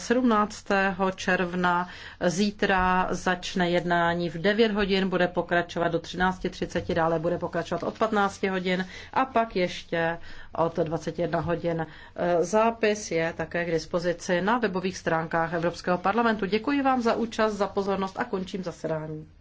17. června. Zítra začne jednání v 9 hodin, bude pokračovat do 13.30, dále bude pokračovat od 15 hodin a pak ještě od 21 hodin. Zápis je také k dispozici na webových stránkách Evropského parlamentu. Děkuji vám za účast, za pozornost a končím zasedání.